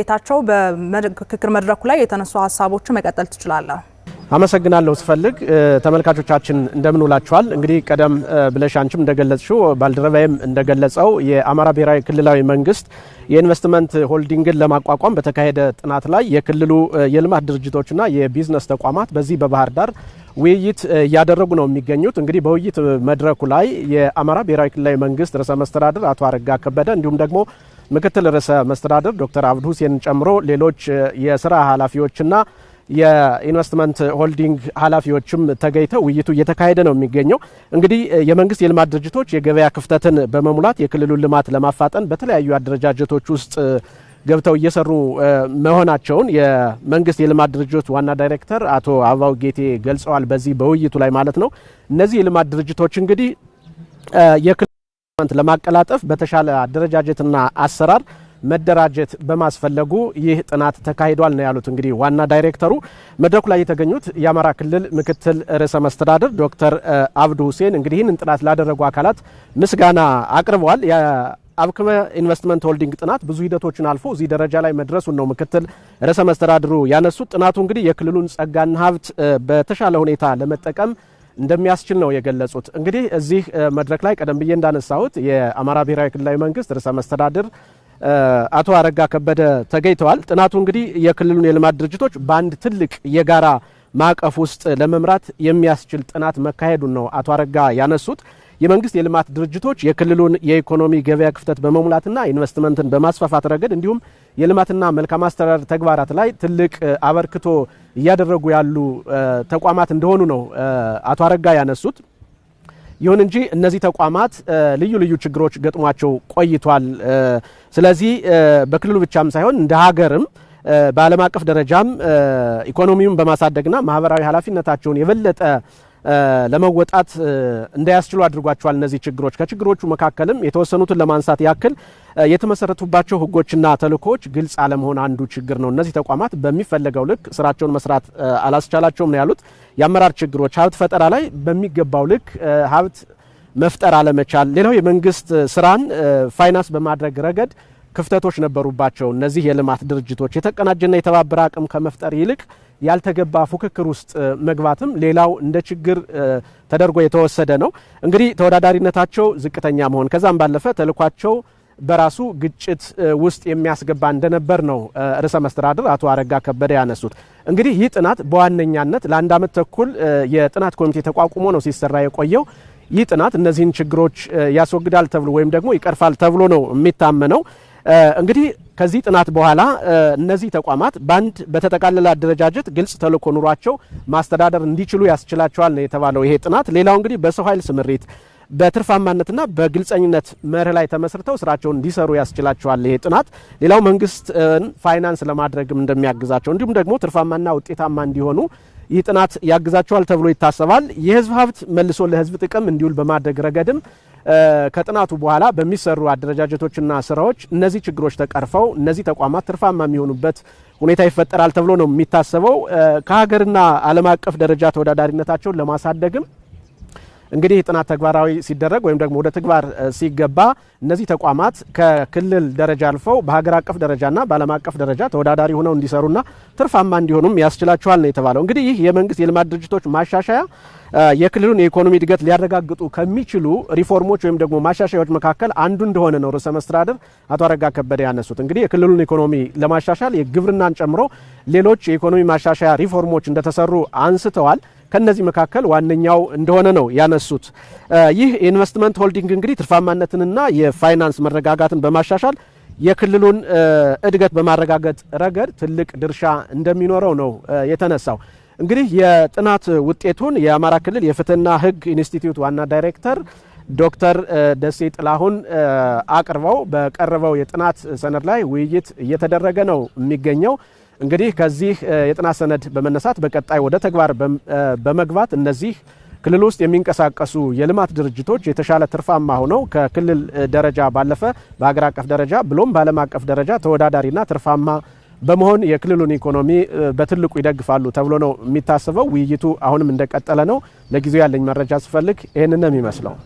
ጌታቸው በምክክር መድረኩ ላይ የተነሱ ሀሳቦችን መቀጠል ትችላለህ። አመሰግናለሁ ስፈልግ ተመልካቾቻችን እንደምን ውላችኋል። እንግዲህ ቀደም ብለሽ አንቺም እንደገለጽሽው ባልደረባይም እንደገለጸው የአማራ ብሔራዊ ክልላዊ መንግስት የኢንቨስትመንት ሆልዲንግን ለማቋቋም በተካሄደ ጥናት ላይ የክልሉ የልማት ድርጅቶችና የቢዝነስ ተቋማት በዚህ በባህር ዳር ውይይት እያደረጉ ነው የሚገኙት። እንግዲህ በውይይት መድረኩ ላይ የአማራ ብሔራዊ ክልላዊ መንግስት ርዕሰ መስተዳድር አቶ አረጋ ከበደ እንዲሁም ደግሞ ምክትል ርዕሰ መስተዳድር ዶክተር አብዱ ሁሴን ጨምሮ ሌሎች የስራ ኃላፊዎችና የኢንቨስትመንት ሆልዲንግ ኃላፊዎችም ተገኝተው ውይይቱ እየተካሄደ ነው የሚገኘው። እንግዲህ የመንግስት የልማት ድርጅቶች የገበያ ክፍተትን በመሙላት የክልሉን ልማት ለማፋጠን በተለያዩ አደረጃጀቶች ውስጥ ገብተው እየሰሩ መሆናቸውን የመንግስት የልማት ድርጅቶች ዋና ዳይሬክተር አቶ አበባው ጌቴ ገልጸዋል። በዚህ በውይይቱ ላይ ማለት ነው። እነዚህ የልማት ድርጅቶች እንግዲህ የክልሉን ለማቀላጠፍ በተሻለ አደረጃጀትና አሰራር መደራጀት በማስፈለጉ ይህ ጥናት ተካሂዷል ነው ያሉት። እንግዲህ ዋና ዳይሬክተሩ መድረኩ ላይ የተገኙት የአማራ ክልል ምክትል ርዕሰ መስተዳድር ዶክተር አብዱ ሁሴን እንግዲህ ይህንን ጥናት ላደረጉ አካላት ምስጋና አቅርበዋል። አብክመ ኢንቨስትመንት ሆልዲንግ ጥናት ብዙ ሂደቶችን አልፎ እዚህ ደረጃ ላይ መድረሱን ነው ምክትል ርዕሰ መስተዳድሩ ያነሱት። ጥናቱ እንግዲህ የክልሉን ጸጋና ሀብት በተሻለ ሁኔታ ለመጠቀም እንደሚያስችል ነው የገለጹት። እንግዲህ እዚህ መድረክ ላይ ቀደም ብዬ እንዳነሳሁት የአማራ ብሔራዊ ክልላዊ መንግስት ርዕሰ መስተዳድር አቶ አረጋ ከበደ ተገኝተዋል። ጥናቱ እንግዲህ የክልሉን የልማት ድርጅቶች በአንድ ትልቅ የጋራ ማዕቀፍ ውስጥ ለመምራት የሚያስችል ጥናት መካሄዱን ነው አቶ አረጋ ያነሱት። የመንግስት የልማት ድርጅቶች የክልሉን የኢኮኖሚ ገበያ ክፍተት በመሙላትና ኢንቨስትመንትን በማስፋፋት ረገድ እንዲሁም የልማትና መልካም አስተዳደር ተግባራት ላይ ትልቅ አበርክቶ እያደረጉ ያሉ ተቋማት እንደሆኑ ነው አቶ አረጋ ያነሱት። ይሁን እንጂ እነዚህ ተቋማት ልዩ ልዩ ችግሮች ገጥሟቸው ቆይቷል። ስለዚህ በክልሉ ብቻም ሳይሆን እንደ ሀገርም በዓለም አቀፍ ደረጃም ኢኮኖሚውን በማሳደግና ማህበራዊ ኃላፊነታቸውን የበለጠ ለመወጣት እንዳያስችሉ አድርጓቸዋል። እነዚህ ችግሮች ከችግሮቹ መካከልም የተወሰኑትን ለማንሳት ያክል የተመሰረቱባቸው ህጎችና ተልእኮዎች ግልጽ አለመሆን አንዱ ችግር ነው። እነዚህ ተቋማት በሚፈለገው ልክ ስራቸውን መስራት አላስቻላቸውም ነው ያሉት። የአመራር ችግሮች፣ ሀብት ፈጠራ ላይ በሚገባው ልክ ሀብት መፍጠር አለመቻል፣ ሌላው የመንግስት ስራን ፋይናንስ በማድረግ ረገድ ክፍተቶች ነበሩባቸው። እነዚህ የልማት ድርጅቶች የተቀናጀና የተባበረ አቅም ከመፍጠር ይልቅ ያልተገባ ፉክክር ውስጥ መግባትም ሌላው እንደ ችግር ተደርጎ የተወሰደ ነው። እንግዲህ ተወዳዳሪነታቸው ዝቅተኛ መሆን ከዛም ባለፈ ተልኳቸው በራሱ ግጭት ውስጥ የሚያስገባ እንደነበር ነው ርዕሰ መስተዳድር አቶ አረጋ ከበደ ያነሱት። እንግዲህ ይህ ጥናት በዋነኛነት ለአንድ ዓመት ተኩል የጥናት ኮሚቴ ተቋቁሞ ነው ሲሰራ የቆየው። ይህ ጥናት እነዚህን ችግሮች ያስወግዳል ተብሎ ወይም ደግሞ ይቀርፋል ተብሎ ነው የሚታመነው። እንግዲህ ከዚህ ጥናት በኋላ እነዚህ ተቋማት በአንድ በተጠቃለለ አደረጃጀት ግልጽ ተልእኮ ኑሯቸው ማስተዳደር እንዲችሉ ያስችላቸዋል ነው የተባለው ይሄ ጥናት። ሌላው እንግዲህ በሰው ኃይል ስምሪት በትርፋማነትና በግልጸኝነት መርህ ላይ ተመስርተው ስራቸውን እንዲሰሩ ያስችላቸዋል ይሄ ጥናት። ሌላው መንግስትን ፋይናንስ ለማድረግም እንደሚያግዛቸው እንዲሁም ደግሞ ትርፋማና ውጤታማ እንዲሆኑ ይህ ጥናት ያግዛቸዋል ተብሎ ይታሰባል። የህዝብ ሀብት መልሶ ለህዝብ ጥቅም እንዲውል በማድረግ ረገድም ከጥናቱ በኋላ በሚሰሩ አደረጃጀቶችና ስራዎች እነዚህ ችግሮች ተቀርፈው እነዚህ ተቋማት ትርፋማ የሚሆኑበት ሁኔታ ይፈጠራል ተብሎ ነው የሚታሰበው። ከሀገርና ዓለም አቀፍ ደረጃ ተወዳዳሪነታቸውን ለማሳደግም እንግዲህ ጥናት ተግባራዊ ሲደረግ ወይም ደግሞ ወደ ተግባር ሲገባ እነዚህ ተቋማት ከክልል ደረጃ አልፈው በሀገር አቀፍ ደረጃና በዓለም አቀፍ ደረጃ ተወዳዳሪ ሆነው እንዲሰሩና ትርፋማ እንዲሆኑም ያስችላቸዋል ነው የተባለው። እንግዲህ ይህ የመንግስት የልማት ድርጅቶች ማሻሻያ የክልሉን የኢኮኖሚ እድገት ሊያረጋግጡ ከሚችሉ ሪፎርሞች ወይም ደግሞ ማሻሻያዎች መካከል አንዱ እንደሆነ ነው ርዕሰ መስተዳድር አቶ አረጋ ከበደ ያነሱት። እንግዲህ የክልሉን ኢኮኖሚ ለማሻሻል የግብርናን ጨምሮ ሌሎች የኢኮኖሚ ማሻሻያ ሪፎርሞች እንደተሰሩ አንስተዋል። ከነዚህ መካከል ዋነኛው እንደሆነ ነው ያነሱት። ይህ ኢንቨስትመንት ሆልዲንግ እንግዲህ ትርፋማነትንና የፋይናንስ መረጋጋትን በማሻሻል የክልሉን እድገት በማረጋገጥ ረገድ ትልቅ ድርሻ እንደሚኖረው ነው የተነሳው። እንግዲህ የጥናት ውጤቱን የአማራ ክልል የፍትህና ህግ ኢንስቲትዩት ዋና ዳይሬክተር ዶክተር ደሴ ጥላሁን አቅርበው በቀረበው የጥናት ሰነድ ላይ ውይይት እየተደረገ ነው የሚገኘው። እንግዲህ ከዚህ የጥናት ሰነድ በመነሳት በቀጣይ ወደ ተግባር በመግባት እነዚህ ክልል ውስጥ የሚንቀሳቀሱ የልማት ድርጅቶች የተሻለ ትርፋማ ሆነው ከክልል ደረጃ ባለፈ በሀገር አቀፍ ደረጃ ብሎም በዓለም አቀፍ ደረጃ ተወዳዳሪና ትርፋማ በመሆን የክልሉን ኢኮኖሚ በትልቁ ይደግፋሉ ተብሎ ነው የሚታሰበው። ውይይቱ አሁንም እንደቀጠለ ነው። ለጊዜው ያለኝ መረጃ ስፈልግ ይህንን ነው የሚመስለው።